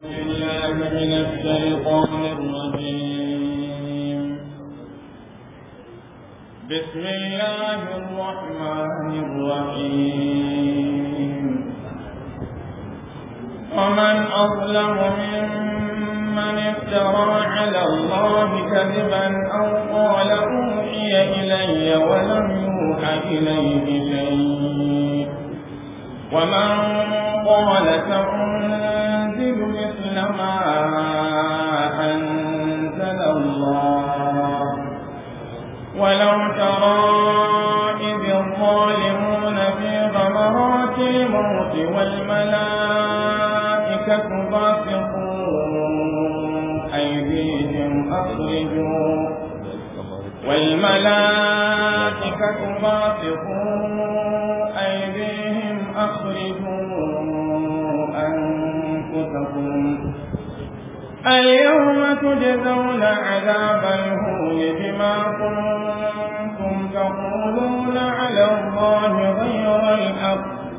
بسم الله الرحمن الرحيم ومن أظلم ممن افترى على الله كذبا أو قال أوحي إلي ولم يوحى إليه شيء ومن قال سأنزل إنما أنزل الله ولو ترى إذ الظالمون في غمرات الموت والملائكة باسطوا أيديهم أخرجوا والملائكة باسطوا أيديهم أخرجوا أنفسكم اليوم تجزون عذاب الهون بما كنتم تقولون على الله غير الحق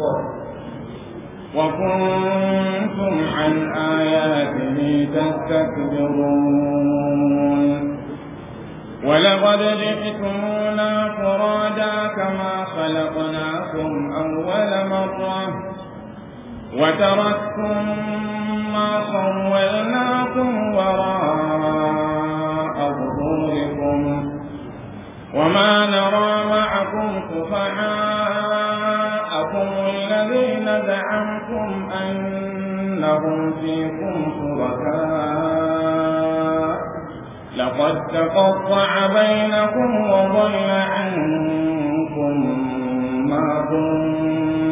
وكنتم عن آياته تستكبرون ولقد جئتمونا فرادا كما خلقناكم أول مرة وتركتم ما خولناكم وراء ظهوركم وما نرى معكم سفهاءكم الذين زعمتم أنهم فيكم شركاء لقد تقطع بينكم وضل عنكم ما كنتم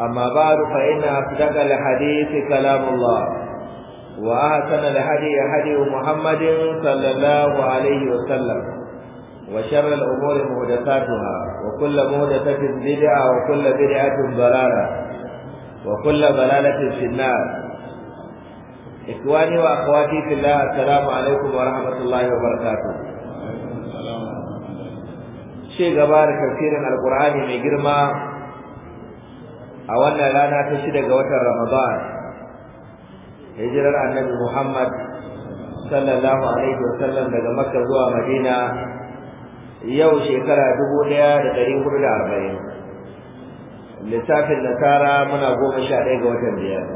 أما بعد فإن أصدق الحديث كلام الله وأحسن الهدي هدي محمد صلى الله عليه وسلم وشر الأمور محدثاتها وكل محدثة بدعة وكل بدعة ضلالة وكل ضلالة في النار إخواني وأخواتي في الله السلام عليكم ورحمة الله وبركاته شيء غبار تفسير القرآن من جرمه a wannan rana ta shida ga watan Ramadan hijirar Annabi Muhammad sallallahu alaihi wasallam daga Makka zuwa Madina yau shekara dubu ɗaya da dari hudu da arba'in lissafin nasara muna goma sha ɗaya ga watan biyar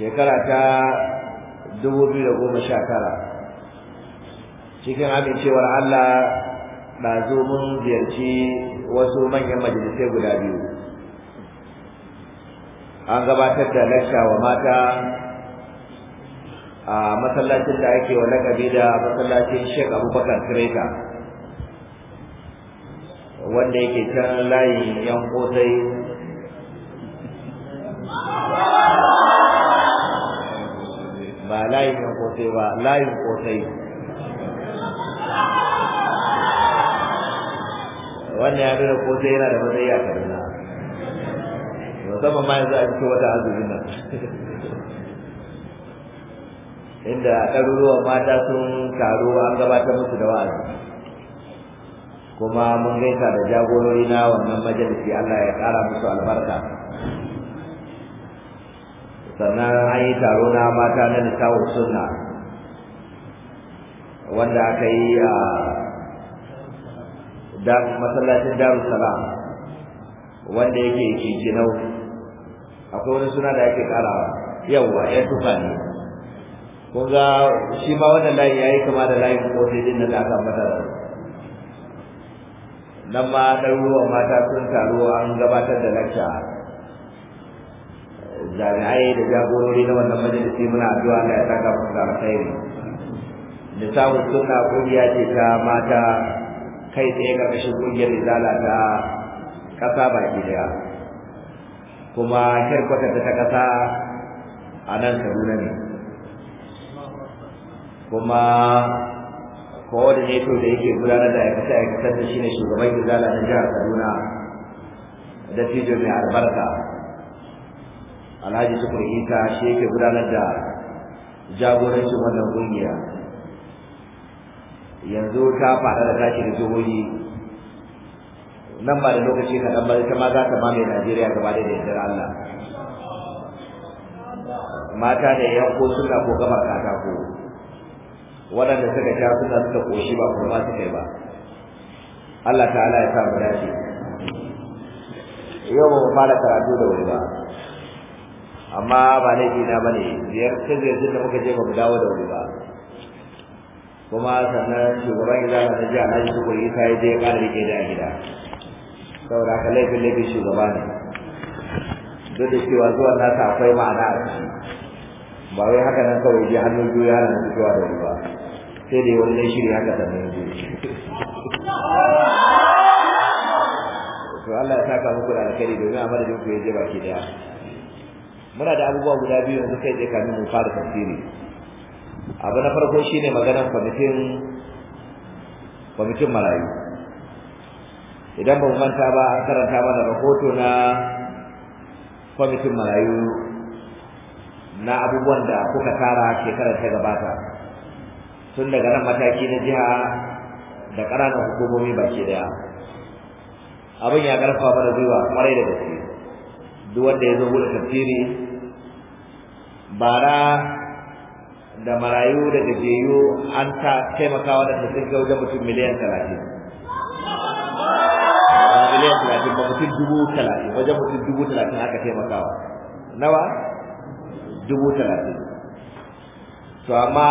shekara ta dubu biyu da goma sha tara cikin amincewar Allah ɗazu mun ziyarci wasu manyan majalisai guda biyu an gabatar da lacca wa mata a masallacin da ake wa lakabi da masallacin Sheikh Abubakar kreta wanda yake can layin yan kosai ba layin yan kosai ba layin kosai wannan ya nuna kosai yana da matsayi a kaduna musamman ma yanzu a cikin wata azumin nan inda ɗaruruwan mata sun taru an gabatar musu da wa'azi kuma mun gaisa da jagorori na wannan majalisi Allah ya ƙara musu albarka sannan an yi taro na mata na nisawo sunna wanda aka yi a masallacin darussalam wanda yake kikinau akwai wani suna da ake karawa yawwa ya tufa ne kun ga shi ba wannan layi yayi kama da layin kofi din da aka mata nan ma ɗaruruwan mata sun taru an gabatar da lacca jami'ai da jagorori na wannan majalisi muna addu'a Allah ya saka mu da alkhairi nisabu sunna kungiya ce ta mata kai tsaye karkashin kungiyar lalata ta ƙasa baki daya kuma kirkwata ta ƙasa a nan kaduna ne kuma neto da yake gudanar da aikace aikacen da shine shugaban gizala na jihar kaduna da fijo mai albarka alhaji tukur isa shi yake gudanar da jagorancin wannan kungiya yanzu ta faɗa da tashi da jihohi nan ba da lokaci ka dan bari ma za ta mai Najeriya gaba da yardar Allah mata da ko suna ko gama katako waɗanda suka sha suna suka koshi ba kuma su kai ba Allah ta'ala ya sa mu dace yau ba fara karatu da wuri ba amma ba laifi na bane ziyarce ce da muka je ba mu dawo da wuri ba kuma sannan shugaban izala na jiya na shi tukuri ta yi je ƙara rike da gida saboda haka laifin laifin shugaba ne duk da cewa zuwan nasa akwai ma'ana a ciki ba wai haka nan kawai je hannun biyu yana nan fitowa da ruwa sai dai wani dai shiri haka sannan ya to Allah ya saka muku da alkhairi domin a madadin ku ya je baki daya muna da abubuwa guda biyu yanzu kai ka kamin mu fara tafsiri abu na farko shine maganar kwamitin kwamitin marayu idan ba manta ba an karanta mana rahoto na kwamitin marayu na abubuwan da kuka tara shekarar ta gabata tun daga nan mataki na jiha da ƙananan hukumomi baki daya abin ya karfa mana gwiwa kwarai da gaske duk wanda ya zo bude tafsiri bara da marayu da gajeyu an ta taimakawa da tafsirin wajen mutum miliyan talatin jimma mutum dubu talatin wajen mutum dubu talatin aka taimakawa nawa dubu talatin to amma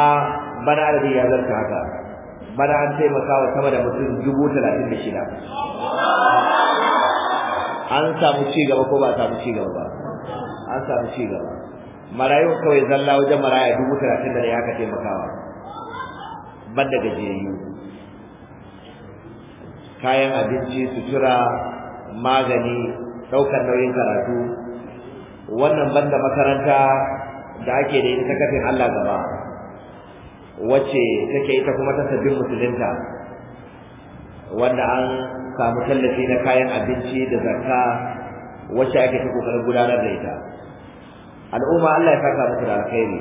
bana adadin ya zarta haka bana an taimakawa sama da mutum dubu talatin da shida an samu ci gaba ko ba a samu ci gaba ba an samu ci gaba marayu kawai zalla wajen maraya dubu talatin da ne aka taimakawa ban da gajiyayyu kayan abinci sutura magani ɗaukar nauyin karatu wannan banda makaranta da ake da ita kafin Allah gaba wacce take ita kuma ta sabbin musulunta wanda an samu tallafi na kayan abinci da zakka wacce ake ta kokarin gudanar da ita al'umma Allah ya saka muku da alkhairi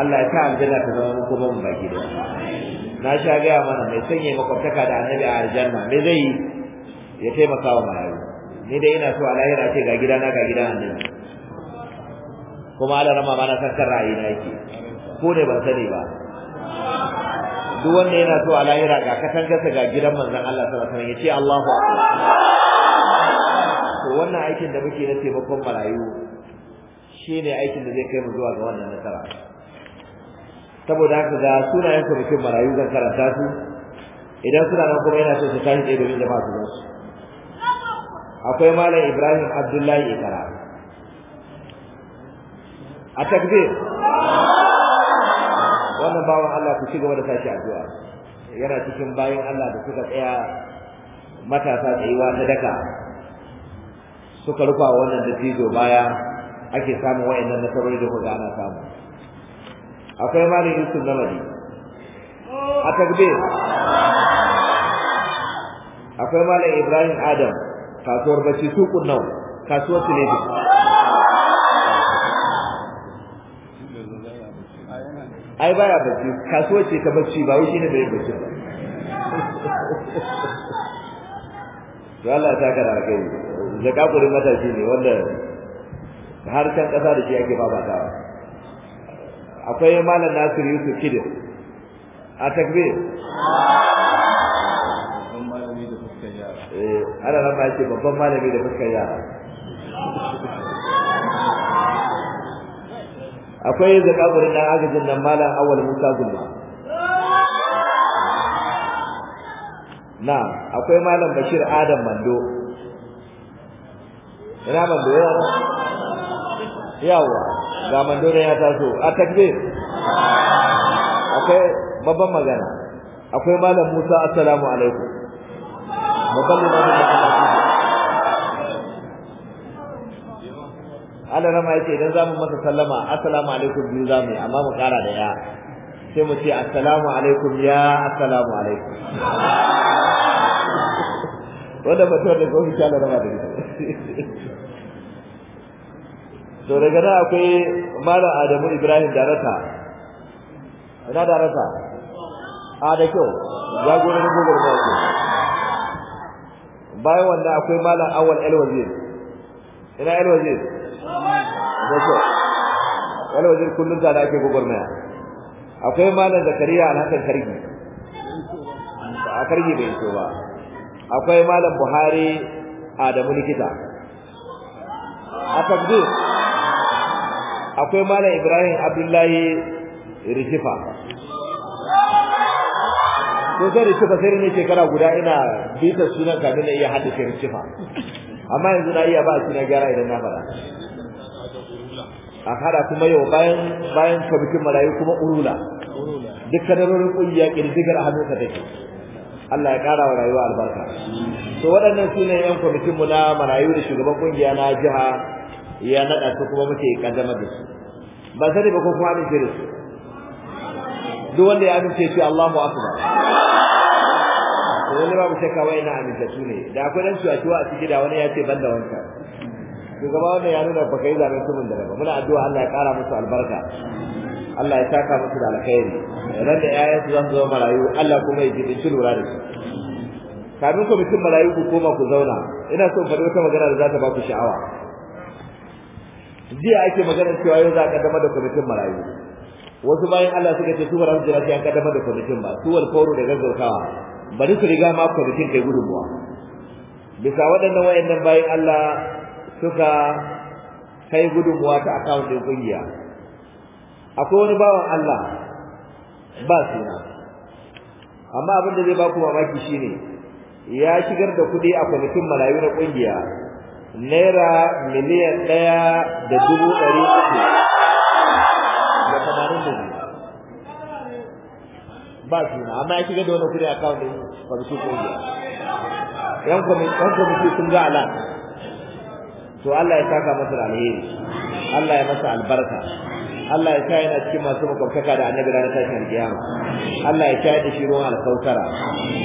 Allah ya sa aljanna ta zama muku ban baki da na sha gaya mana mai sanya makwabtaka da annabi a aljanna me zai yi ya taimaka wa marayu ni dai ina so a lahira ce ga gidana ga gidan annabi kuma ala rama ma na san kan ra'ayi na yake ko ne ban sani ba duk wanda yana so a lahira ga katangarsa ga gidan manzon Allah sallallahu alaihi wasallam yace Allahu akbar to wannan aikin da muke na taimakon marayu shine aikin da zai kai mu zuwa ga wannan nasara saboda haka ga sunayen kwamitin marayu zan karanta su idan suna nan kuma yana so su tashi ɗaya domin jama'a su gansu akwai malam ibrahim abdullahi ikara a takbir wannan bawan Allah ku ci gaba da tashi addu'a yana cikin bayan Allah da suka tsaya matasa tsayuwa na daka suka rufa wannan dattijo baya ake samun wa'annan nasarori da kuka ana samu akwai malam yusuf namadi a takbir akwai malam ibrahim adam kasuwar bacci su nawa kasuwar su sulaibi ai baya bacci kasuwar ce ta bacci ba ne da bai bacci ba Allah ta kara kai zaka kurin matashi ne wanda har kan kasa da shi ake babatawa akwai malam Nasir Yusuf Kidin a takbir ana rama yake babban malami da fuskar yara akwai zakaburin dan agajin nan malam awal musa gulma na akwai malam bashir adam mando ina mando ya yawa ga mando da ya taso a takbir akwai babban magana akwai malam musa assalamu alaikum babban Allah rama yace idan zamu masa sallama assalamu alaikum biyu zamu amma mu kara da ya sai mu ce assalamu alaikum ya assalamu alaikum wanda mutum da gobe ta rama da to daga nan akwai malam Adamu Ibrahim Darasa ina Darasa a da kyau gobe gogar ba bayan wanda akwai malam Awal El Wazir ina El Wazir yake wala wajen kullun da ake gugurmaya akwai malam zakariya alhasan kargi a kargi bai so ba akwai malam buhari adamu likita a takbir akwai malam ibrahim abdullahi Rishifa. to sai Rishifa sai ne shekara guda ina bita sunan kamin na iya haddace Rishifa. amma yanzu na iya ba shi na gyara idan na fara a hada kuma yau bayan bayan kwamitin marayu kuma urula duk kadarorin kungiya kirdigar a hannunsa take Allah ya kara wa rayuwa albarka to waɗannan su ne yan kwamitinmu na marayu da shugaban kungiya na jiha ya naɗa su kuma muke ƙaddamar da su ba sani ba ko kuma amince da su duk wanda ya amince shi Allahu akbar to wani babu shakka wai na amince su ne da akwai dan ciwa a ciki da wani ya ce ban da wanka shugaba wannan ya nuna baka yi zaben tumun da daga muna addu'a Allah ya kara musu albarka Allah ya taka musu da alkhairi idan da yayan su za su zama marayu Allah kuma ya jibinci lura da su kafin kwamitin marayu ku koma ku zauna ina son faɗi wata magana da za ta ba ku sha'awa jiya ake maganar cewa yau za a kaddama da kwamitin marayu wasu bayan Allah suka ce su ba su jira sai an kaddama da kwamitin ba su wal kauro da gaggautawa bari su riga ma kwamitin kai gudunmuwa bisa waɗannan wayannan bayan Allah suka kai gudunmuwa ta account din kungiya akwai wani bawan Allah ba suna amma abin da zai ba ku mamaki shine ya shigar da kuɗi a kwamitin malayu na kungiya naira miliyan ɗaya da dubu ɗari uku da tamanin da ba suna amma ya shigar da wani kuɗi a kwamitin kwamitin kungiya yan kwamitin sun ga alaƙa to Allah ya saka masa da alheri Allah ya masa albarka Allah ya kai yana cikin masu makwabtaka da annabi ranar tashin alkiyama Allah ya kai da shi ruwan alkautara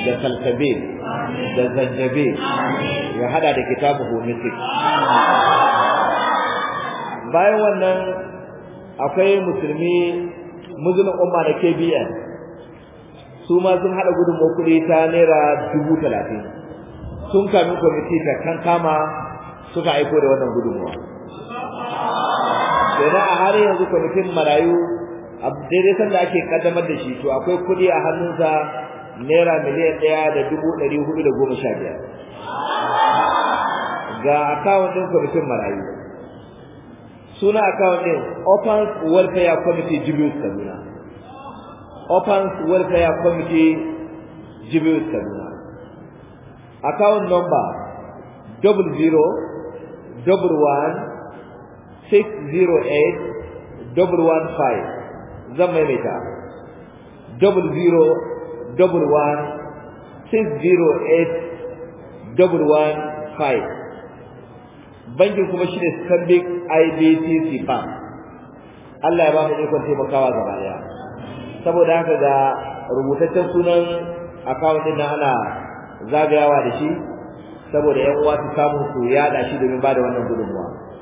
da salsabe da zanjabe ya hada da kitabu homisik bayan wannan akwai musulmi muslim umma da KBN su ma sun hada gudun kuɗi ta naira dubu talatin sun kami kwamiti da kan kama suka aiko da wannan gudunmuwa domin a har yanzu kwamitin marayu a daidai da ake kaddamar da shi to akwai kuɗi a hannunsa naira miliyan ɗaya da dubu ɗari hudu da goma sha biyar ga akawun ɗin kwamitin marayu suna akawun ɗin open welfare committee Jibiru kaduna open welfare committee Jibiru kaduna akawun number double zero double one six zero eight double one five zan maimaita double zero double one six zero eight double one five bankin kuma shi ne Stanbic IBTC Bank Allah ya ba mu ikon taimakawa gaba daya saboda haka ga rubutaccen sunan account din ana zagayawa da shi saboda yan uwa su samu su yada shi domin bada wannan gudunmuwa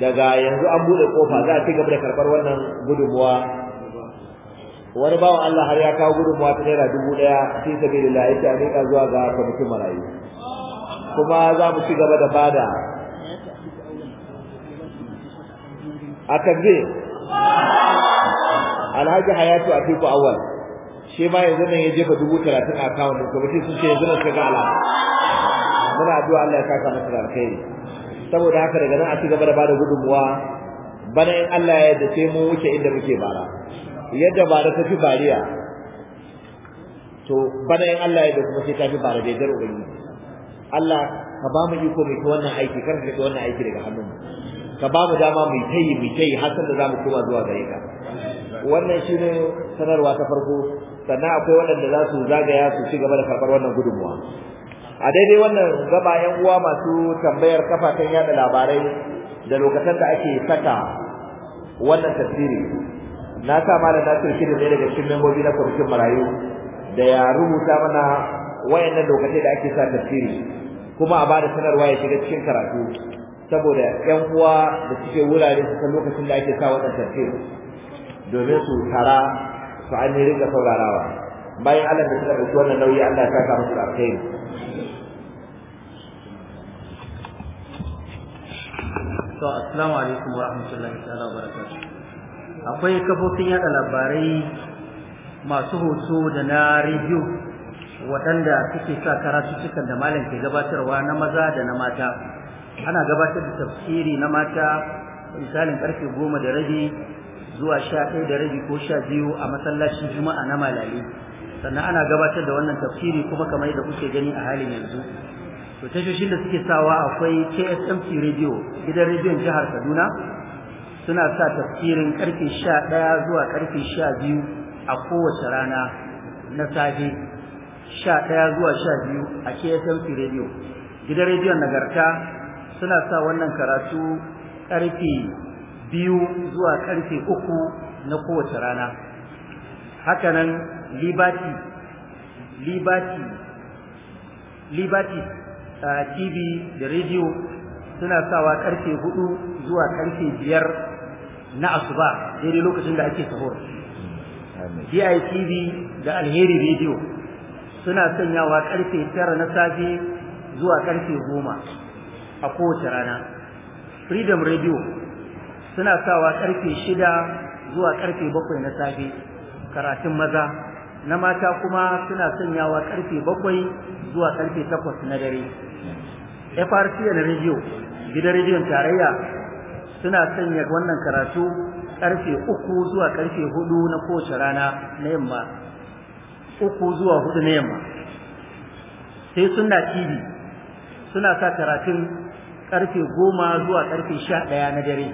daga yanzu an bude kofa za a ci gaba da karbar wannan gudunmuwa wani bawan Allah har ya kawo gudunmuwa ta naira dubu ɗaya fi sabilillah yace a miƙa zuwa ga kwamitin marayu kuma za mu ci gaba da bada a takbir alhaji hayatu a fiku awal shi ma yanzu nan ya jefa dubu talatin a kawo din kwamitin sun ce yanzu nan suka ga alama muna addu'a Allah ya saka masa alkhairi saboda haka daga nan a ci gaba da bada gudunmuwa bana in Allah ya yarda sai mu wuce inda muke bara yadda bara ta fi bariya to bana in Allah ya yarda kuma sai ta fi bara da yardar yi. Allah ka ba mu iko mai ta wannan aiki kar ka wannan aiki daga hannun ka ba mu dama mu tayi mu tayi har da mu koma zuwa gare ka wannan shine sanarwa ta farko sannan akwai waɗanda za su zagaya su ci gaba da karɓar wannan gudunmuwa a daidai wannan gaba yan uwa masu tambayar kafafen yada labarai da lokacin da ake saka wannan tafsiri na sa malam Nasir shi da daga cikin membobi na kwamitin marayu da ya rubuta mana wayannan lokacin da ake sa tafsiri kuma a bada sanarwa ya shiga cikin karatu saboda yan uwa da suke wurare su san lokacin da ake sa wannan tafsir domin su tara su an rika saurarawa bayan Allah da suka ɗauki wannan nauyi Allah ya saka musu alkhairi to assalamu alaikum wa rahmatullahi wa akwai kafofin yada labarai masu hoto da na rediyo waɗanda suke sa cikin da malam ke gabatarwa na maza da na mata ana gabatar da tafsiri na mata misalin karfe goma da rabi zuwa sha ɗaya da rabi ko sha biyu a masallacin juma'a na malali sannan ana gabatar da wannan tafsiri kuma kamar yadda kuke gani a halin yanzu to tashoshin da suke sawa akwai KSMC radio gidan rediyon jihar Kaduna suna sa tafsirin karfe 11 zuwa karfe 12 a kowace rana na safe 11 zuwa 12 a KSMC radio gidan rediyon Nagarta suna sa wannan karatu karfe 2 zuwa karfe 3 na kowace rana haka nan Liberty Liberty Liberty TV da radio suna sawa karfe 4 zuwa karfe 5 na asuba daidai lokacin da ake sahur TV da Alheri Radio suna sanyawa karfe 9 na safe zuwa karfe 10 a kowace rana Freedom Radio suna sawa karfe 6 zuwa karfe 7 na safe karatun maza na mata kuma suna sanyawa karfe 7 zuwa karfe 8 na dare FRC da radio gidan rediyon tarayya suna sanya wannan karatu karfe uku zuwa karfe hudu na kowace rana na yamma uku zuwa hudu na yamma sai sunna TV suna sa karatun karfe goma zuwa karfe sha na dare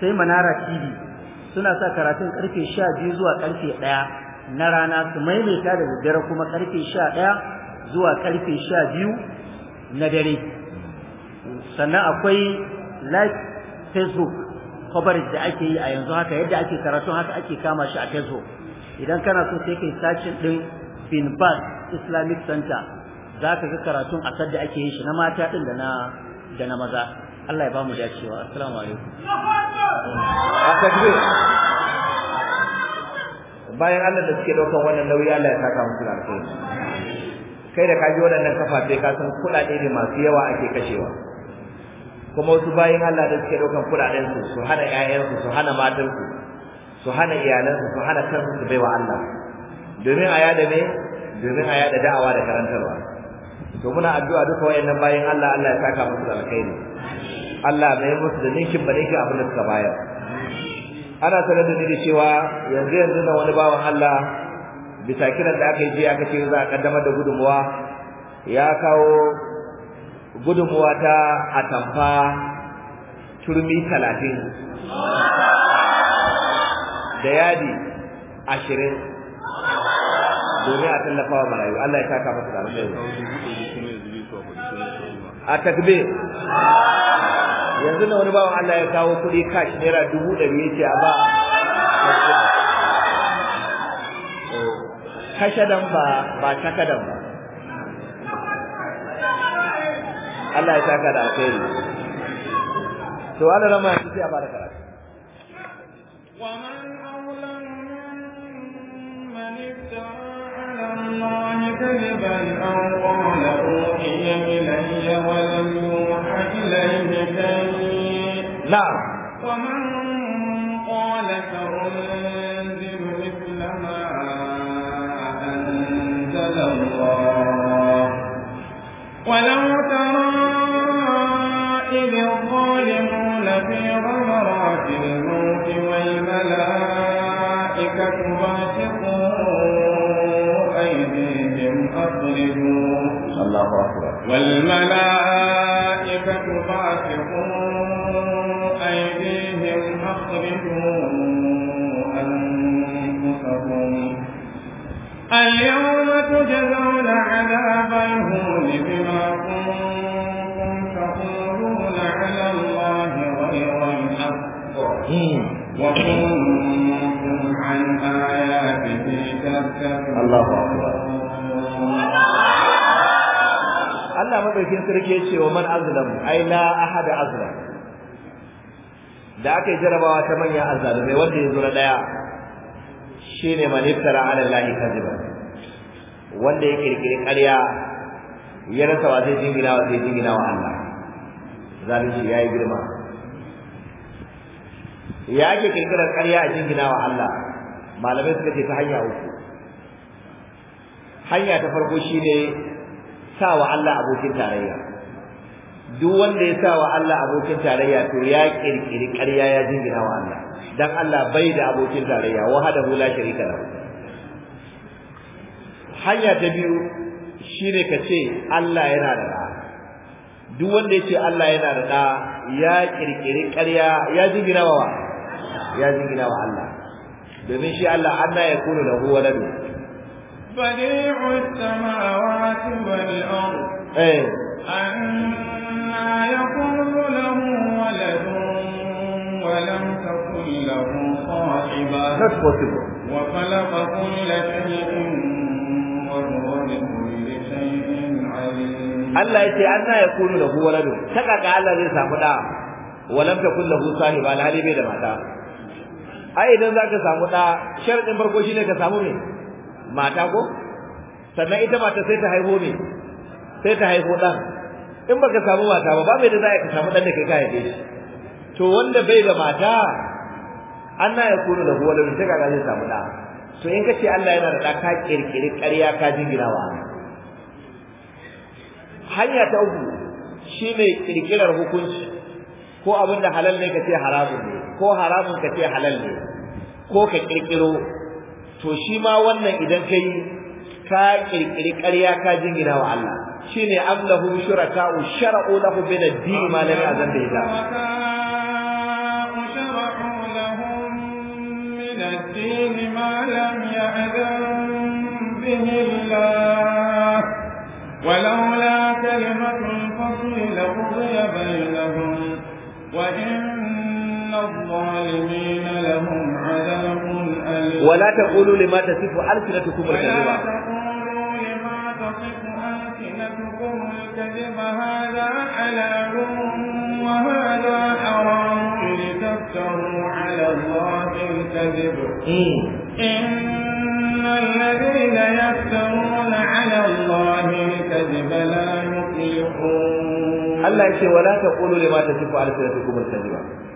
sai manara TV suna sa karatun karfe sha biyu zuwa karfe ɗaya na rana su maimaita da daddare kuma karfe sha ɗaya zuwa karfe sha biyu na dare sannan akwai live facebook coverage da ake yi a yanzu haka yadda ake karatu haka ake kama shi a facebook idan kana so sai kai sacin din finbar islamic center za ka ga karatu a da ake yin shi na mata din da na da na maza Allah ya ba mu dacewa assalamu alaikum bayan Allah da suke daukan wannan nauyi Allah ya saka musu alkhairi kai da kaji waɗannan kafafe ka san kuɗaɗe ne masu yawa ake kashewa kuma wasu bayan Allah da suke ɗaukan kuɗaɗen su su hana ƴaƴansu su hana matansu su hana iyalansu su hana kansu su baiwa Allah domin a yada ne domin a yada da'awa da karantarwa to muna addu'a duka wayannan bayan Allah Allah ya saka musu da alkhairi Allah bai musu da ninkin ba ninkin abin da suka bayar ana sanar da ni da cewa yanzu yanzu na wani bawan Allah bisa kiran da aka yi je aka ce za a kaddamar da gudunmuwa ya kawo gudunmuwa ta tamfa turmi talatin da yadi ashirin domin a tallafa wa marayu Allah ya saka masa da a takbir yanzu da wani bawan Allah ya kawo kuɗi kashi naira dubu ɗari yake a ba kashadan ba ba takadan ba Allah ya saka da alheri to Allah rama shi ya baraka wa man Nah. ومن قال ترى الله أكبر والملائكة باسطوا أيديهم فاخرجوا أنفسكم اليوم تجزون عذاب الهون بما كنتم تقولون على الله غير الحق وكنتم عن آياته تذكرون الله أكبر Allah madaukin sarki ya ce wa man azlam ai la ahada azlam da aka yi jarabawa ta manyan azzalumai wanda ya zura daya shine man iftara ala allahi kadhiba wanda ya kirkiri ƙarya ya rasa wa zai jingina wa zai jingina wa Allah zalunci yayi girma ya ke kirkirar ƙarya a jingina wa Allah malamai suka ce ta hanya uku hanya ta farko shine sa wa Allah abokin tarayya duk wanda ya sa wa Allah abokin tarayya to ya kirkiri ƙarya ya jingina wa Allah dan Allah bai da abokin tarayya wahdahu la sharika lahu hanya ta biyu shine ka ce Allah yana da da duk wanda ya ce Allah yana da da ya kirkiri ƙarya ya jingina wa ya jingina wa Allah domin shi Allah ya anna da huwa ladu بديع السماوات والأرض أي. أنا يقول له ولد ولم تكن له صاحبا وخلق كل شيء وهو بكل شيء عليم Allah ya ce an na kunu da huwa rado, taka ga Allah zai samu ɗa, walam ta kun da hu sahiba alhali da mata. Ai idan za ka samu ɗa, sharɗin farko ne ka samu mai. mata ko sannan ita mata sai ta haihu ne sai ta haihu dan in baka samu mata ba ba mai da zai ka samu dan da kai ka haife shi to wanda bai da mata Allah ya kuru da huwa da ta ga zai samu da to in kace Allah yana da da ka kirkiri ƙarya ka jigirawa hanya ta uku shine kirkirar hukunci ko abin da halal ne kace haramun ne ko haramun kace halal ne ko ka kirkiro to shi ma wannan idan kai ka kirkiri ƙarya ka jingina wa Allah shine allahu shuraka wa shara'u lahu min ad-din ma lam ya'zan bi ila ولولا كلمة الفصل لقضي بينهم وإن ولا تقولوا لما تصف ألسنتكم الكذب ولا تقولوا لما تصف ألسنتكم الكذب هذا حلال وهذا حرام لتفتروا على الله الكذب إن الذين يفترون على الله الكذب لا يفلحون الله يقول ولا تقولوا لما تصف ألسنتكم الكذب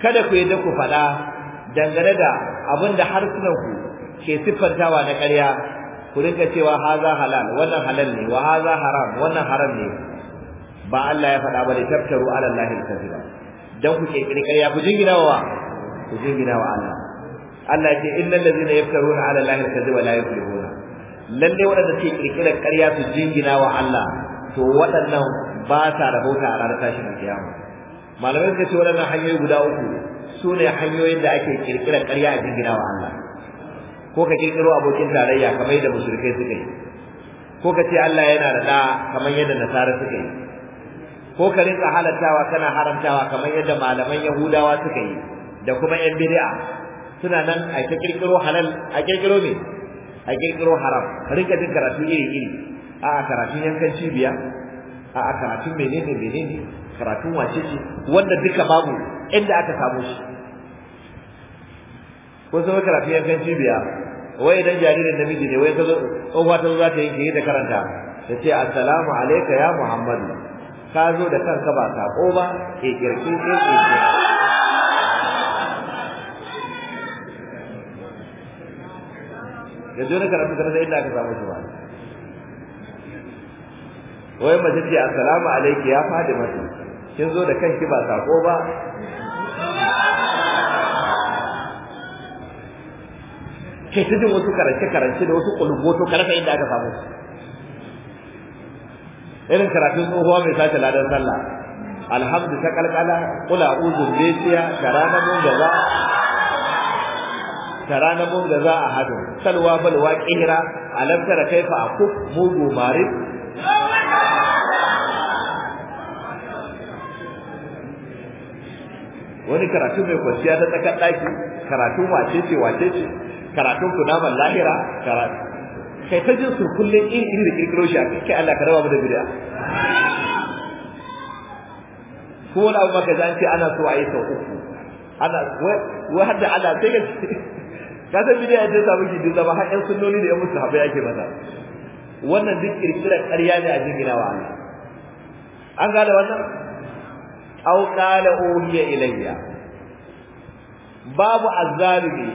kada ku yadda ku faɗa dangane da abin da harsunanku ke siffantawa na ƙarya ku rinka cewa haza halal wannan halal ne wa haza haram wannan haram ne ba Allah ya faɗa ba da tabtaru ala Allah al-kadhiba dan ku ke ƙarya ku jingina wa ku jingina wa Allah Allah ce inna allazina yaftaruna ala Allah al-kadhiba la yuflihuna lalle waɗanda ke ƙirƙirar ƙarya su jingina wa Allah to waɗannan ba sa rabota a ranar tashin kiyama malamai suka ce waɗannan hanyoyi guda uku su ne hanyoyin da ake ƙirƙirar ƙarya a jingina wa Allah ko ka kirkiro abokin tarayya kamar yadda musulmai suka yi ko ka ce Allah yana da ɗa kamar yadda nasara suka yi ko ka rinka halartawa kana haramtawa kamar yadda malaman yahudawa suka yi da kuma yan bid'a suna nan a ta kirkiro halal a kirkiro ne a kirkiro haram ka rinka jin karatu iri iri a karatun yankan cibiya a karatun menene menene karatun wace ce wanda duka babu inda aka samu shi ko sai karatu ya kan cibiya wai idan jaririn namiji ne wai kazo tsohuwa ta za ta yi da karanta ta ce assalamu alayka ya muhammadu ka zo da kanka ba sako ba ke kirkin ke ke yanzu na karatu sai inda aka samu shi ba wai mace ce assalamu alayki ya fadi masa kin zo da kanki ba sako ba ke tudu wasu karance-karance da wasu kulubboto karfa inda aka samu irin karatun tsohuwa mai sace ladan sallah alhamdu ta kalkala kula uzun lesiya tara na mun gaza tara na mun za a hadu salwa balwa kira alamtara kaifa akuf mugu marid wani karatu mai kwanciya ta tsakar ɗaki karatun wace ce wace ce karatun kunaman lahira karatu kai ta jin su kullum in iri da kirkiro shi a kai Allah ka raba mu da bid'a ko wani abu maka zance ana so a yi sau uku ana wai har da sai ka ka san bid'a ta samu gidi zama har ƴan sunnoni da ƴan musahabai ake mata wannan duk kirkirar ƙarya ne a jingina wa Allah an gane wannan aw qala uhiya ilayya babu azzalimi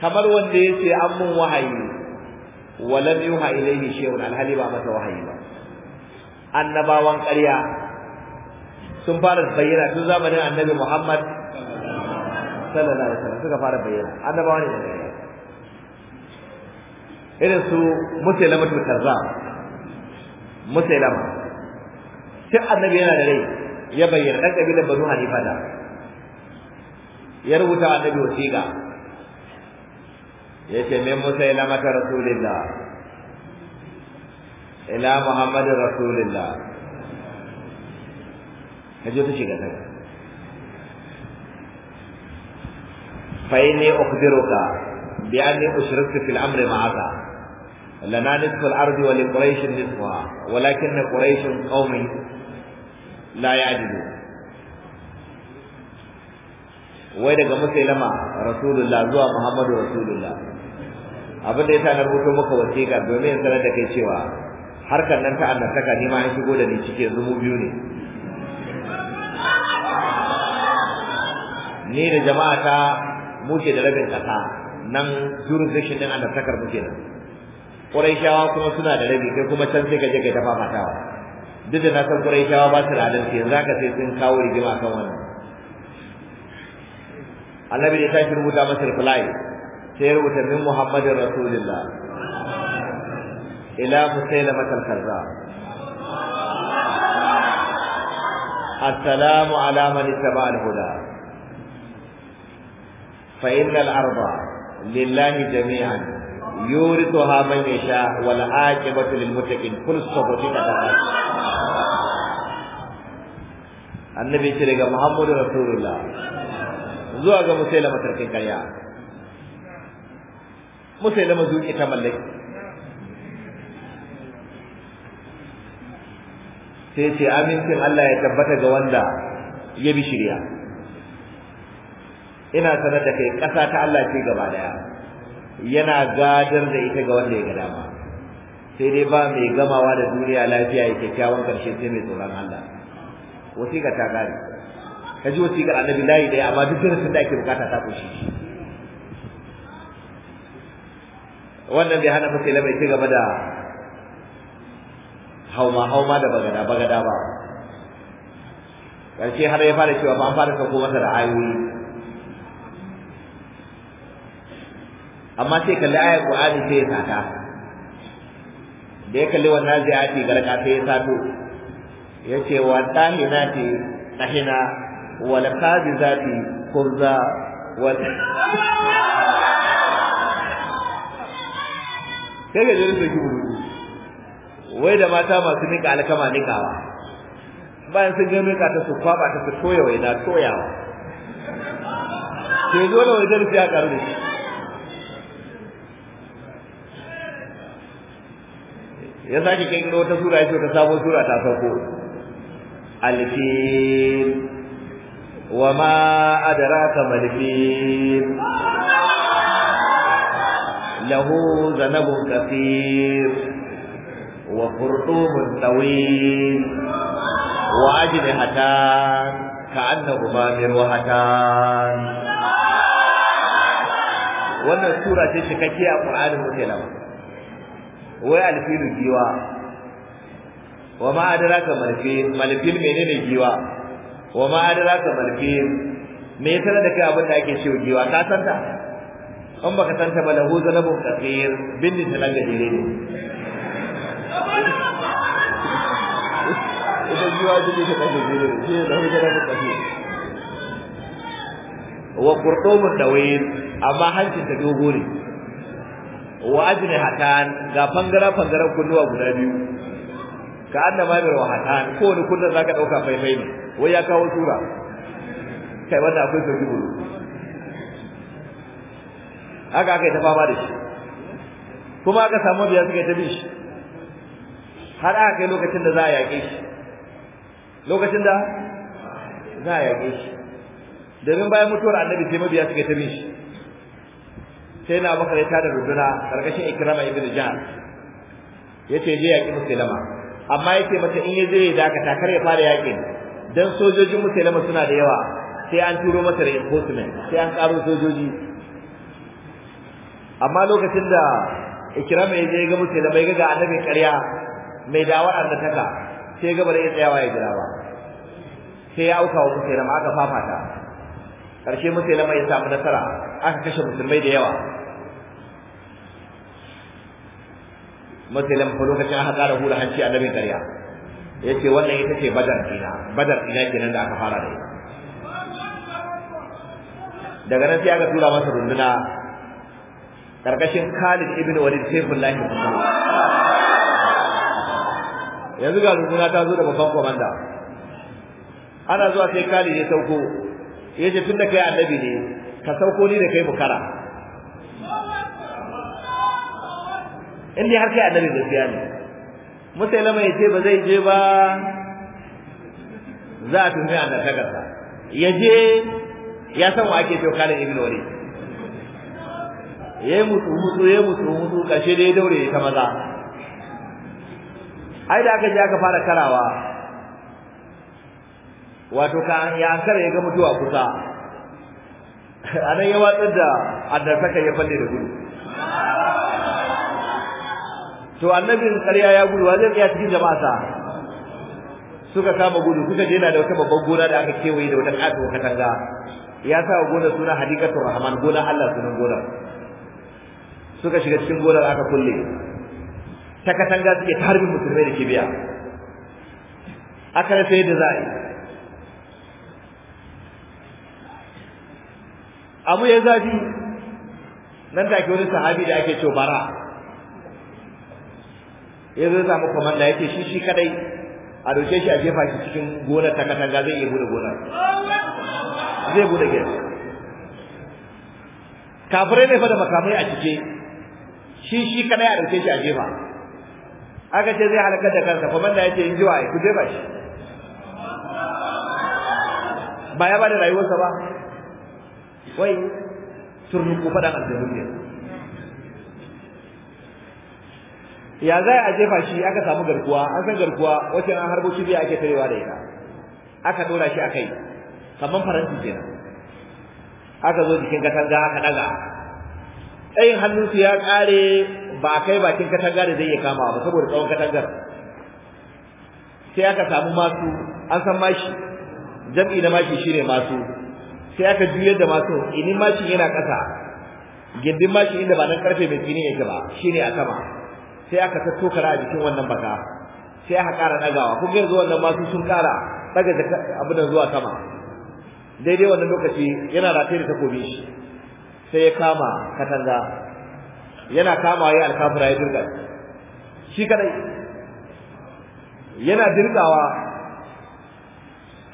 kamar wanda yace an mun wahayi wa lam yuha ilayhi shay'un alhali ba masa wahayi ba annabawan ƙarya sun fara bayyana tun zamanin annabi Muhammad sallallahu alaihi wasallam suka fara bayyana annabawa ne irin su musailama kazzab musailama sai annabi yana da rai ya bayyana ɗan ƙabilar banu hanifa da ya rubuta wa annabi wasiƙa ya ce min musailama ta rasulillah ila muhammadin rasulillah ka je ta shiga kai fa inni ukhbiruka bi anni ushriktu fil amri ma'aka لنا نصف الأرض ولقريش نصفها ولكن قريش قوم la ya'dilu wai daga musailama rasulullah zuwa muhammadu rasulullah abin da yasa na rubuto maka wasiƙa domin sanar da kai cewa harkar nan ta annabtaka ni ma an shigo da ni cike yanzu biyu ne ni da jama'a ta muke da rabin ƙasa nan jurisdiction din annabtakar muke nan shawa kuma suna da rabi kai kuma can sai ka je ka dafa matawa. duk da na san Quraishawa ba su da adalci yanzu haka sai sun kawo rigima kan wannan Annabi da tashi rubuta masa reply sai ya rubuta min Muhammadin Rasulullah ila Musailama al-Kazza السلام على من اتبع الهدى فإن الأرض لله جميعا يورثها من يشاء والعاقبة للمتقين كل الصفوة annabi ce daga muhammadu rasulullah zuwa ga musailama sarkin karya musailama zuki ta mallaki sai ce amincin Allah ya tabbata ga wanda ya bi shirya ina sanar da kai ƙasa ta Allah ce gaba daya yana gadar da ita ga wanda ya ga dama sai dai ba mai gamawa da duniya lafiya ya kyakkyawan karshe sai mai tsoron Allah wasiƙa ta gari ka ji wasiƙar annabi layi ɗaya amma duk darasin da ake bukata ta ƙunshi wannan bai hana fasila mai ci gaba da hauma hauma da bagada bagada ba ƙarshe har ya fara cewa ba an fara sauko masa da ayoyi amma sai kalli ayar ƙwa'ani sai ya sata da ya kalli wannan zai ake garka sai ya sato yace wa ti dahina wal kabizati kubza wal sai da rubutu kuma wai da mata masu nika alkama nikawa bayan sun gami ka ta su kwaba ta su toya waina toya ke dole wai zarfi ya karu ya sake kirkiro ta sura ta sabon sura ta sauko alfil wa ma adraka mal fil lahu zanabun kathir wa qurtumun tawil wa wannan sura ce cikakke a Qur'anin Musulma wai alfilu giwa wa ma adraka malfin malfin menene giwa wa ma adraka malfin me yasa da kai abin da ake cewa giwa ka san ta in baka san ta ba lahu zalabun kafir bin talan gajere ne ita giwa take ta gajere ne shi lahu zalabun kathir wa qurtum dawin amma hancin ta dogore ne wa ajnihatan ga fangara fangaran kunnuwa guda biyu ka annama mai wahatan ko wani kullun zaka dauka faifai ne wai ya kawo sura kai wanda akwai sauki bulu haka aka yi ta fama da shi kuma aka samu biya suka ta bin shi har aka kai lokacin da za a yaƙe shi lokacin da za a yaƙe shi domin bayan mutuwar annabi sai mabiya suka ta bin shi sai na bakar ya tada runduna ƙarƙashin ikirama ibn ya yace je yaƙi musulama amma yace mata in ya zai dakata kar ya fara yakin dan sojojin musulma suna da yawa sai an turo masa reinforcement sai an karo sojoji amma lokacin da ikrama ya je ga musulma ya ga annabi ƙarya mai da taka, sai ga bare ya tsayawa ya jira ba sai ya auka wa musulma aka fafata karshe musulma ya samu nasara aka kashe musulmai da yawa musulun fa lokacin aka ƙara hura hanci a annabin ƙarya ya ce wannan ita ce badar ina badar ina kenan da aka fara da ita daga nan sai aka tura masa runduna ƙarƙashin Khalid ibn Walid Saifullah ibn yanzu ga runduna ta zo da babban komanda ana zuwa sai Khalid ya sauko ya ce tun da kai annabi ne ka sauko ni da kai bukara in har kai annabi gaskiya ne musailama ya ce ba zai je ba za a tuni a zartakarsa ya je ya san wa ake cewa kalin ibn wari ya yi mutu mutu ya yi mutu mutu kashe da ya daure ya ta maza ai da aka je aka fara karawa wato ka ya ankara ya ga mutuwa kusa a nan ya watsar da addartaka ya falle da gudu to annabin ƙarya ya gudu wa zai tsaya cikin jama'a sa suka kama gudu kusa je yana da wata babban gona da aka kewaye da wata katuwar katanga ya sa wa gonar suna hadikatu rahman gona Allah sunan gonar suka shiga cikin gonar aka kulle ta katanga suke ta harbin musulmai da kibiya aka rasa yadda za a yi abu ya zafi nan take wani sahabi da ake cewa bara ya zai samu komanda ya ce shi shi kadai a dauke shi a jefa shi cikin gona ta katanga zai iya bude gonar zai bude gida kafirai ne fa da makamai a cike shi shi kadai a dauke shi a jefa aka ce zai halakar da kansa komanda ya ce in ji waye ku jefa shi ba ya ba da rayuwarsa ba wai turnuku faɗan aljihun ne ya za a jefa shi aka samu garkuwa an san garkuwa wacce an harbo shi ake tarewa da ita aka dora shi akai kaman faranti kenan aka zo jikin katanga aka daga tsayin hannunsu ya kare ba kai bakin katanga da zai iya kama ba saboda tsawon katangar sai aka samu masu an san mashi jam'i na mashi shine masu sai aka juyar da masu inin mashin yana kasa gindin mashin inda ba nan karfe mai tsini yake ba shine a sama sai aka kara a jikin wannan baka sai aka ƙara dagawa kun yanzu wannan masu sun ƙara daga abin da zuwa sama daidai wannan lokaci yana rataye da takobi shi sai ya kama katanga yana kama ya alkafura ya dirga shi kadai yana dirgawa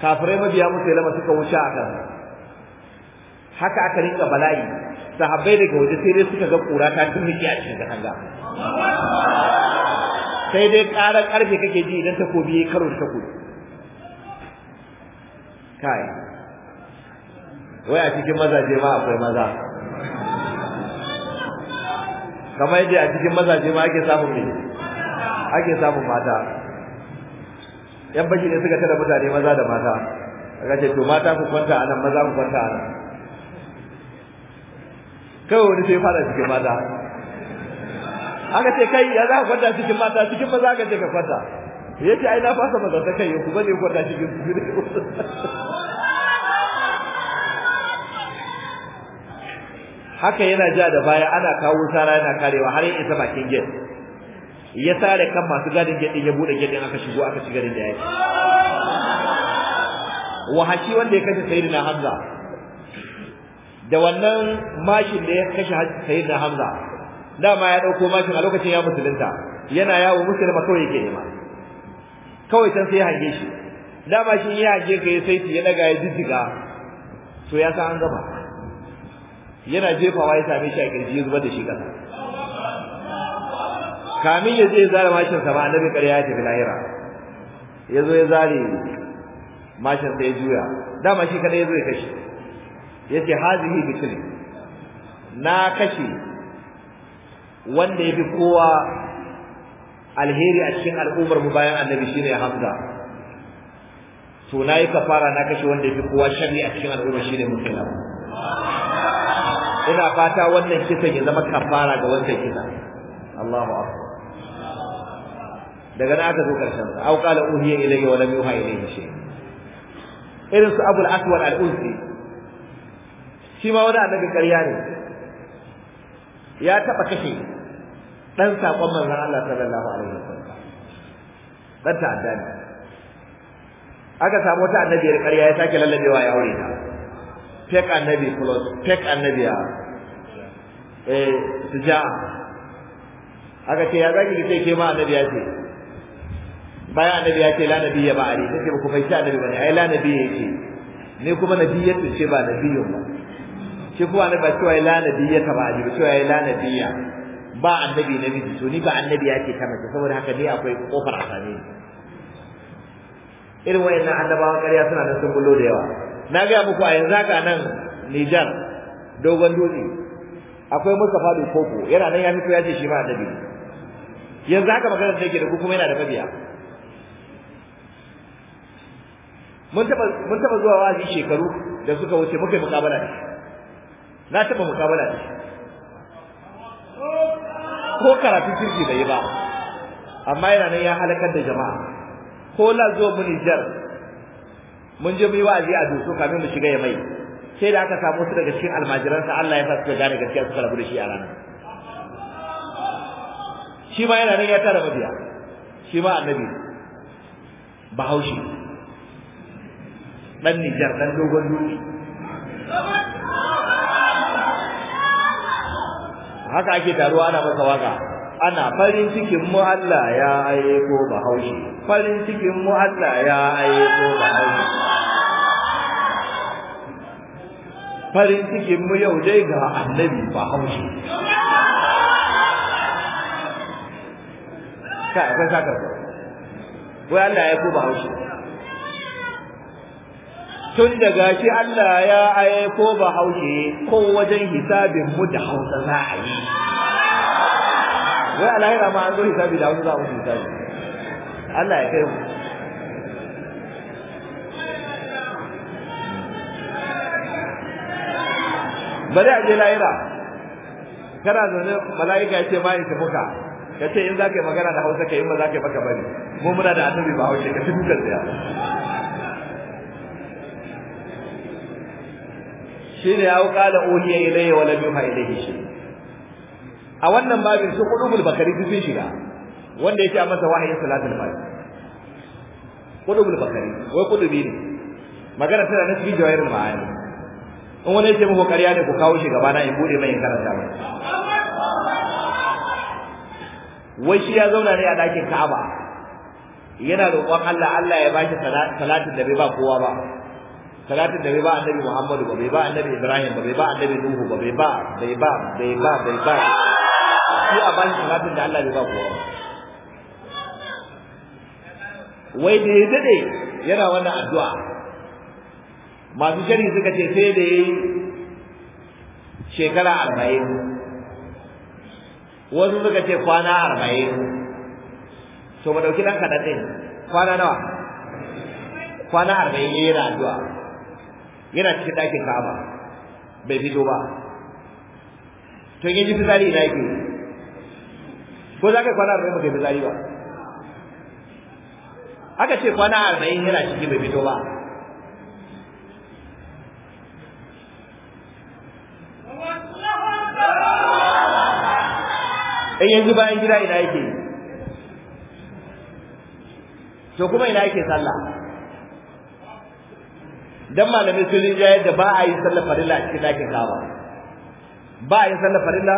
kafirai mabiya musu musulama suka wuce a kan haka aka rinka bala'i sahabbai daga waje sai dai suka ga kura ta tunnuke a cikin katanga sai dai ƙarar ƙarfe kake ji idan takobi ya karo da takobi kai wai a cikin mazaje ma akwai maza kamar yadda a cikin mazaje ma ake samun ne ake samun mata yan baki ne suka tara mutane maza da mata aka ce to mata ku kwanta a nan maza ku kwanta a nan kawai wani sai fara cikin mata aka ce kai ya za ka kwanta cikin mata cikin maza ka ce ka kwanta yace ai na fasa maza ta kai ku bane kwanta cikin su haka yana ja da baya ana kawo sara yana karewa har ya isa bakin gate ya sare kan masu gadin gate ya bude gate aka shigo aka ci da yake wahashi wanda ya kashe sayyidina Hamza da wannan mashin da ya kashe sayyidina Hamza dama ya dauko mashin a lokacin ya musulunta yana yawo musulma kawai yake nema kawai san sai ya hange shi dama shi ya hange ka ya saiti ya daga ya jijjiga to ya san an gama yana jefawa ya same shi a kirji ya zubar da shi kasa kamin ya je zara mashin sa ba annabi ƙarya ya tafi lahira ya zo ya zare mashin sai ya juya dama shi kada ya zo ya kashe ya hazihi bitil na kashe wanda ya fi kowa alheri a cikin al'ummar mu bayan annabi shine hamza to nayi kafara na kashe wanda ya fi kowa sharri a cikin al'ummar shine mutuna ina fata wannan kisa ya zama kafara ga wannan kisan Allahu akbar daga na aka zo karshen sa au qala uhiya ilayya wa lam yuha ilayhi shay irin su abul aswad al-unsi shi ma wani annabi ƙarya ne ya taɓa kashe ɗan saƙon manzon Allah sallallahu alaihi wasallam ɗan ta'adda ne aka samu wata annabiyar ƙarya ya sake lallabewa ya aure ta fake annabi plus fake annabiya eh tija aka ce ya zaki ce ke ma annabi ya ce bayan annabi ya ce la nabi ya ba'ari nake ba ku fahimci annabi bane ai la nabi yake ne kuma nabi ya ce ba nabiyin ba shi kuma na ba cewa la nabiyya ta ba ba'di ba cewa la nabiyya ba annabi namiji to ni ba annabi yake ta mace saboda haka ne akwai kofar a same irin wayannan annabawan ƙarya suna nan sun bullo da yawa na ga muku a yanzu haka nan Nijar dogon dutse akwai Mustapha da Koko yana nan ya fito ya ce shi ma annabi yanzu haka magana da yake da ku kuma yana da mabiya mun taba mun zuwa wazi shekaru da suka wuce muka yi mukabala da shi na taɓa mukabala da shi ko karatun jirgi bai yi ba amma yana nan ya halakar da jama'a ko la zo mu Nijar mun je mu yi wa'azi a doso kafin mu shiga ya mai sai da aka samu su daga cikin almajiran sa Allah ya sa suka gane gaskiya suka rabu da shi a ranar shi ma yana nan ya tara mabiya shi ma annabi bahaushe dan Nijar dan dogon doki. haka ake taruwa ana masa waka ana farin cikin mu Allah ya aiko bahaushe farin cikin mu Allah ya aiko bahaushe farin cikin mu yau dai ga annabi bahaushe kai ka sakar ko Allah ya aiko bahaushe tun da gashi Allah ya aiko ba haushe ko wajen hisabin mu da hausa za a yi wai yana ma an zo hisabi da hausa za mu hisabi Allah ya kai mu bari a je lahira kana zaune mala'ika ya ce ma in muka ka ce in za ka yi magana da hausa ka yi ma za ka yi maka bari mu muna da annabi ba haushe ka fi dukkan tsaya shine ya da uhiya ilayya wa lam yuha ilayhi shi a wannan babin su qulubul bakari sun shiga wanda yake a masa wahayin salatul fajr qulubul bakari wai qulubi ne magana tana na cikin jawayar ma'ani in wani yake muku ƙarya ne ku kawo shi gaba na in bude mai in karanta mai wai shi ya zauna ne a dakin Ka'aba yana roƙon Allah Allah ya bashi salatin da bai ba kowa ba Talatin da bai ba annabi Muhammadu ba bai ba annabi Ibrahim ba bai ba annabi Nuhu ba bai ba bai ba bai ba bai ba shi a bashi salatin da Allah bai ba kowa wai da ya dade yana wannan addu'a masu shari suka ce sai da yayi shekara arba'in wasu suka ce kwana arba'in to mu ɗauki ɗan kaɗan kwana nawa kwana arba'in ya yi addu'a yana cikin ɗakin ka'aba bai fito ba to yin ji fitsari ina yake ko za ka kwana arba'in ba kai fitsari ba aka ce kwana arba'in yana ciki bai fito ba in yanzu bayan gida ina yake to kuma ina yake sallah dan malamai sun rinja yadda ba a yi sallar farilla a cikin dakin kawa ba a yi sallar farilla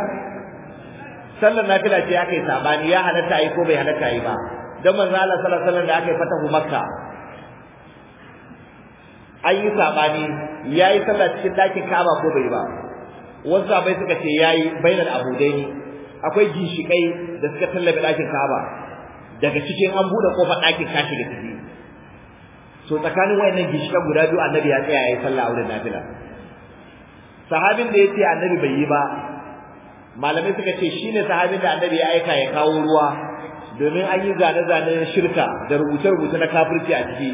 sallar nafila ce aka yi sabani ya halatta a yi ko bai halatta a yi ba dan manzo Allah sallallahu alaihi wasallam da aka yi fatahu makka an yi sabani ya yi sallar cikin dakin kawa ko bai ba wasu sabai suka ce ya yi bainar abudaini akwai ginshikai da suka tallabe dakin kawa daga cikin an buɗe kofar dakin kashi da ciki to tsakanin wayannan gishikan guda biyu annabi ya tsaya yayi sallah a wurin nafila sahabin da yace annabi bai yi ba malamai suka ce shi ne sahabin da annabi ya aika ya kawo ruwa domin an yi zane-zane shirka da rubuce-rubuce na kafirci a ciki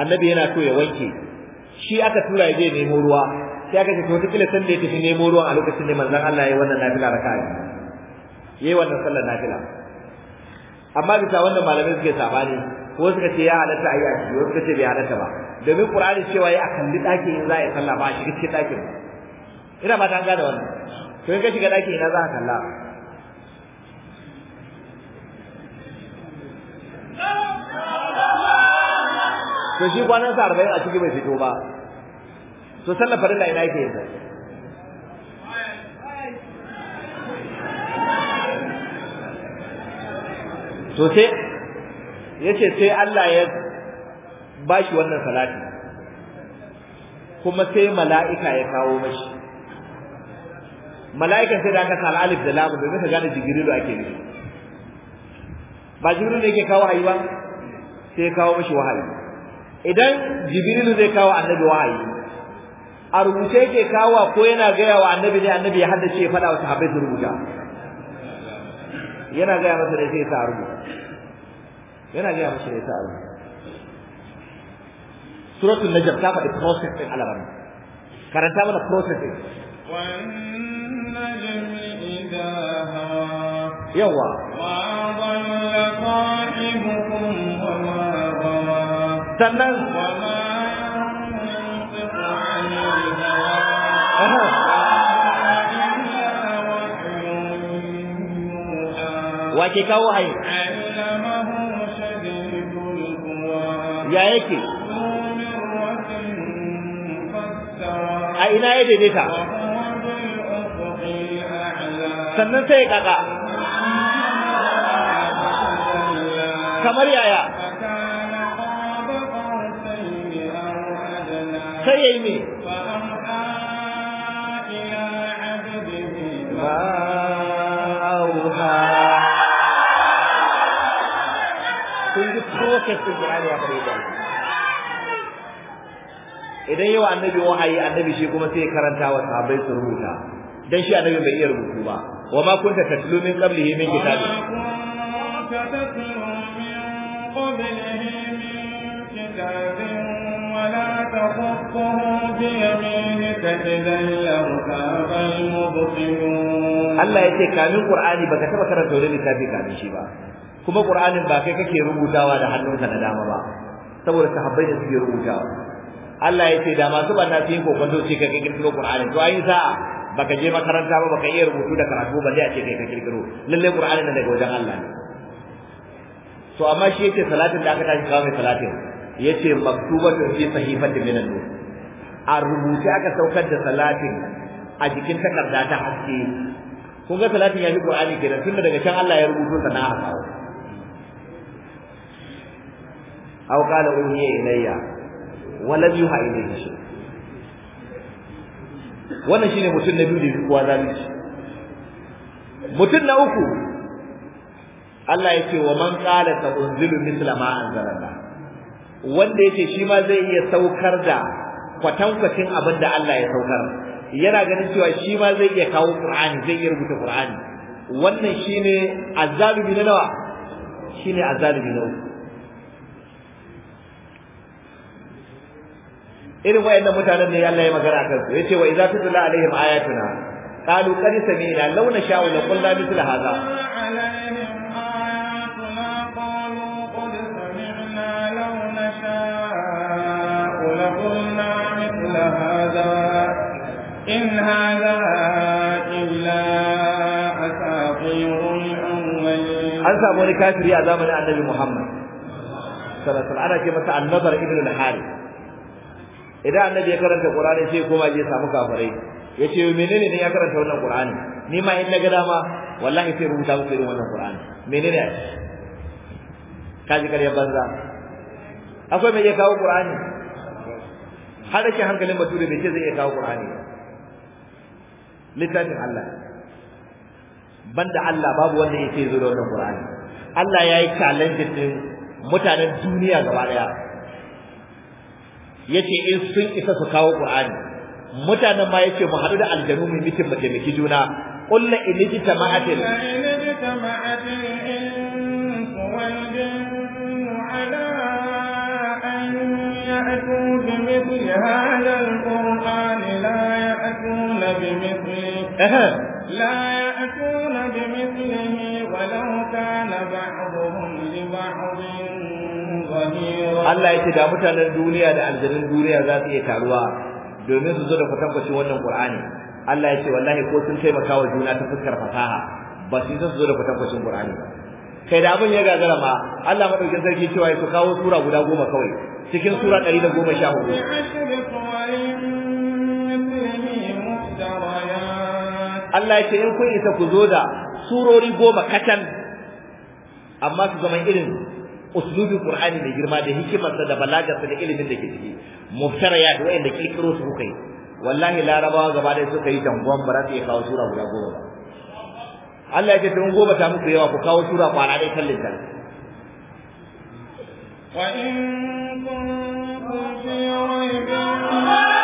annabi yana so ya wanke shi aka tura ya je nemo ruwa sai aka ce to duk kila sanda ya tafi nemo ruwan a lokacin da manzon Allah ya wannan nafila raka'a yayi wannan sallar nafila amma bisa wannan malamai suke sabani ko suka ce ya halatta a yi a ciki suka ce bai halatta ba domin qur'ani cewa ya akan bi daki in za a yi sallah ba a shiga cikin dakin ina ba ta da wannan to in ka shiga daki ina za a kalla to shi kwanan sa arba'in a ciki bai fito ba to sallar farilla ina yake yanzu to sai yace sai Allah ya bashi wannan salati kuma sai mala'ika ya kawo mashi mala'ikan sai da aka sa alif da lam da ka gane jibrilu ake ne ba jibrilu ne yake kawo wahayi ba sai ya kawo mashi wahayi idan jibrilu zai kawo annabi wahayi a rubuce yake kawo ko yana gaya wa annabi ne annabi ya haddace ya faɗa wa sahabbai su rubuta yana gaya masa da sai ya sa rubuta yana gaya mashi da ita a wani suratul najm ta faɗi process ɗin alaram karanta mana process ɗin yawa sannan wa ke kawo hayi ya yake a ina ya daidaita sannan sai kaka kamar yaya sai yayi me kun ji process din Qur'ani ya fara idan yawa annabi wahayi annabi shi kuma sai karanta wa sahabbai su rubuta dan shi annabi bai iya rubutu ba wa ma kunta tatlu min qablihi min kitabi Allah ya ce kamin Qur'ani baka taba karanta wani littafi kamin shi ba kuma Qur'anin ba kai kake rubutawa da hannunka na dama ba saboda sahabbai da suke rubutawa Allah ya ce da masu banna yin yi kokonto ce ka kirkiro Qur'ani to ayi sa baka je makaranta ba baka iya rubutu da karatu ba sai a ce kai ka kirkiro lalle Qur'ani ne daga wajen Allah ne to amma shi yake salatin da aka tashi kawo mai salatin yace maktubatun fi sahifatin min an a rubuce aka saukar da salatin a jikin takarda ta haske kun ga salatin ya fi Qur'ani kenan tunda daga can Allah ya rubuto sa na kawo aw qala uhiya ilayya walam yuha ilayhi shay wannan shine mutum na biyu da kuwa zalunci mutum na uku Allah ya ce wa man qala ta unzilu misla ma anzalna wanda yake shi ma zai iya saukar da kwatankwacin abin da Allah ya saukar yana ganin cewa shi ma zai iya kawo Qur'ani zai iya rubuta Qur'ani wannan shine azabi na nawa shine azabi na uku irin wayannan mutanen ne Allah ya magana akan su yace wa idza tutla alaihim ayatuna qalu qad sami'na law nasha'u la qulna mithla hadha إن هذا إلا أساطير الأولين أنسى أبو كافر يا زمن النبي محمد صلى الله عليه وسلم أنا كما النظر ابن الحارث idan annabi ya karanta qur'ani sai koma je samu kafirai yace menene ne ya karanta wannan qur'ani ni ma in daga dama wallahi sai mun muku irin wannan qur'ani menene ne kaji kare banza akwai mai ya kawo qur'ani har da hankalin bature bai ce zai iya kawo qur'ani littafin Allah banda Allah babu wanda yake zo da wannan qur'ani Allah yayi challenge din mutanen duniya gaba daya yace in sun isa su kawo qur'ani mutanen ma yace mu haɗu da aljanu mu mitin mu taimaki juna qul la in jitama'atil بمثل هذا لا يأتون بمثله ولو كان بعضهم لبعض Allah ya ce da mutanen duniya da aljanun duniya za su iya taruwa domin su zo da kwatankwacin wannan Qur'ani Allah ya ce wallahi ko sun taimaka wa juna ta fuskar fasaha ba su su zo da kwatankwacin Qur'ani kai da abin ya gagara ma Allah madaukin sarki cewa ya su kawo sura guda goma kawai cikin sura ɗari da goma sha hudu Allah ya ce in kun isa ku zo da surori goma katan amma su zama irin uslubin qur'ani da girma da hikimarsa da balagarsa da ilimin da ke ciki muftaraya da wayanda kirkiro su kuka yi wallahi larabawa gaba da suka yi dangon ba za su iya kawo sura guda goma ba Allah ya ce tun goma ta muku yawa ku kawo sura kwana dai kallin ta وإن كنتم في ريب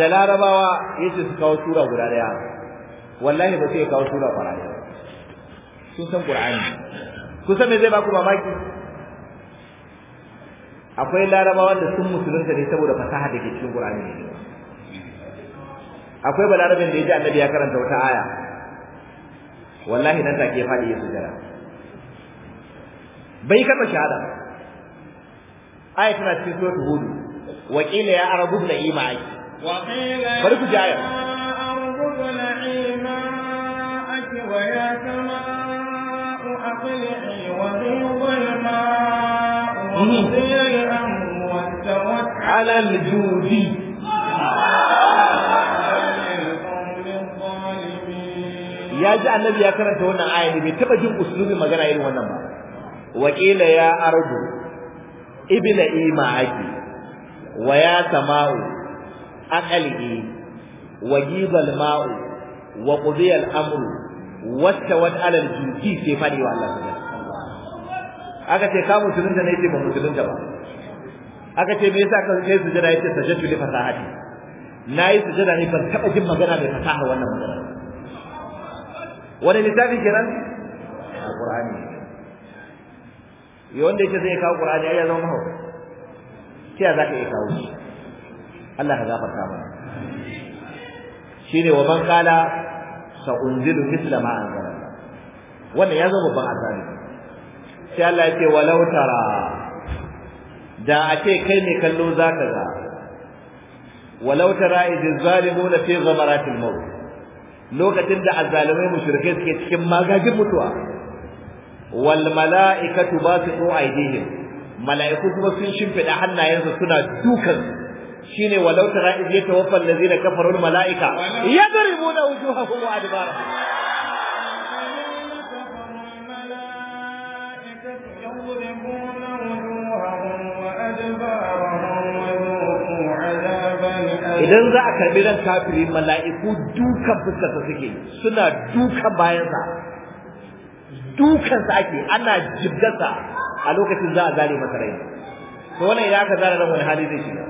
da larabawa yace su kawo sura guda daya wallahi ba sai kawo sura fara daya sun san qur'ani san me zai baku mamaki akwai larabawa da sun musulunta ne saboda fasaha da ke cikin qur'ani ne akwai balarabin da ya ji annabi ya karanta wata aya wallahi nan take fadi ya da. bai karba shahada aya tana cikin suratul hud wa qila ya arabu la imani bari ku jaya على ya ji annabi ya karanta wannan aya ne bai taba jin usulubin magana yin wannan ba Waƙila ya ardu ibla ima'aki wa ya sama'u aqalihi wa jibal ma'u wa qudiya al-amru wattawat ala al-jinki sai fadi wa Allah aka ce ka musulunta ne ce ba musulunta ba aka ce me yasa ka kai sujada yace sajadtu li fasahati nayi sujada ne ban taba jin magana da fasaha wannan magana wani littafi kenan alqur'ani ya wanda yake zai kawo qur'ani ya zama mahaukaci sai za ka iya kawo shi Allah ka gafarta mana shine wa man qala sa unzilu mithla ma anzala wannan ya zama babban azabi sai Allah ya ce walau tara da ake ce kai ne kallo zaka ga walau tara idh zalimuna fi ghamaratil maut lokacin da azzalimai mushrikai suke cikin magagin mutuwa wal mala'ikatu basitu aydihim mala'iku kuma sun shimfida hannayensu suna dukan shine walau tara idh wafa allazina kafarul malaika yadribuna wujuhahum wa adbarahum idan za a karbi ran kafiri mala'iku dukan fuskarsa suke suna dukan bayansa dukansa ake ana jibgarsa a lokacin za a zare masa rai to wannan idan aka zara ran wani hali zai shiga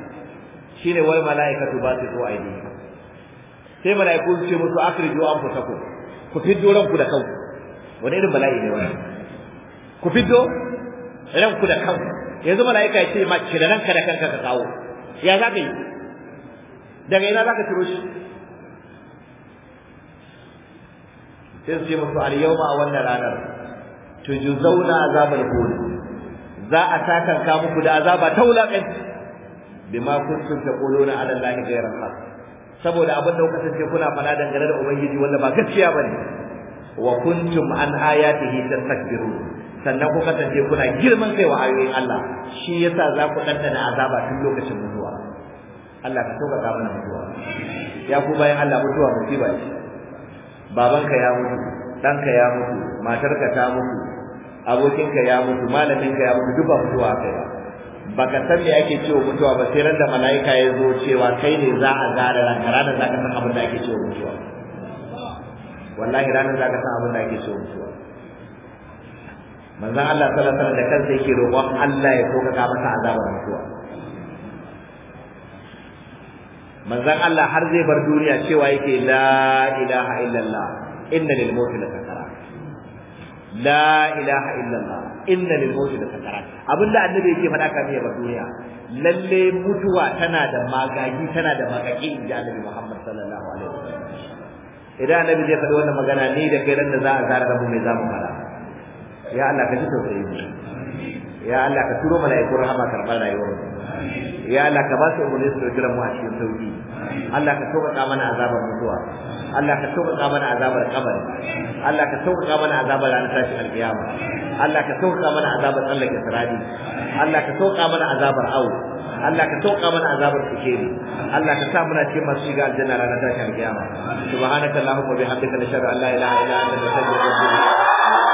shine wai mala'ikatu zuwa aydihim sai mala'iku su ce musu an anfusakum ku fiddo ranku da kanku wani irin bala'i ne wani ku fiddo ranku da kanku yanzu mala'ika ya ce ma da ranka da kanka ka kawo ya za ka yi daga ina za ka ciro shi sai su ce musu al a wannan ranar tujzauna azabal hud za a sakanka muku da azaba ta wulaƙanci bima kuntum taquluna ala allahi ghayra al-haq saboda abin da kuka sace kuna fada dangane da ubangiji wanda ba gaskiya bane wa kuntum an ayatihi tastakbirun sannan kuka sace kuna girman kai wa ayoyin Allah shi yasa za ku dandana azaba tun lokacin mutuwa Allah ka sauka ga mana mutuwa ya ku bayan Allah mutuwa musiba ce babanka ya mutu danka ya mutu matarka ta mutu abokinka ya mutu malaminka ya mutu duk ba mutuwa kai ba baka san me ake cewa mutuwa ba sai da mala'ika ya zo cewa kai ne za a zara ranka ranar za ka san abin da ake cewa mutuwa wallahi ranar za ka san abin da ake cewa mutuwa manzon Allah sallallahu alaihi wasallam da kansa yake roƙon Allah ya sauƙaƙa masa azabar mutuwa manzon Allah har zai bar duniya cewa yake la ilaha illallah inna lil mauti la sakara la ilaha illallah inna lil mawt da sakarat abinda annabi yake faɗa kafin ya ba duniya lalle mutuwa tana da magagi tana da magagi inji annabi Muhammad sallallahu alaihi wasallam idan annabi zai faɗi wannan magana ni da kai ran da za a zara rabu mai zamu fara ya Allah ka ji tausayi ya Allah ka turo mala'ikun rahama karɓar rayuwar ya Allah ka ba su umarni su ɗauki mu a cikin sauki Allah ka sauƙaƙa mana azabar mutuwa Allah ka sauƙaƙa mana azabar kabari Allah ka sauƙaƙa mana azabar ranar tashin alƙiyama Allah ka sauƙaƙa mana azabar tsallake sarari Allah ka sauƙaƙa mana azabar awo Allah ka sauƙaƙa mana azabar sikeri Allah ka sa muna cikin masu shiga aljanna ranar tashin alƙiyama subhanaka allahumma bihamdika nashhadu an la ilaha illa anta nastaghfiruka wa natubu ilayk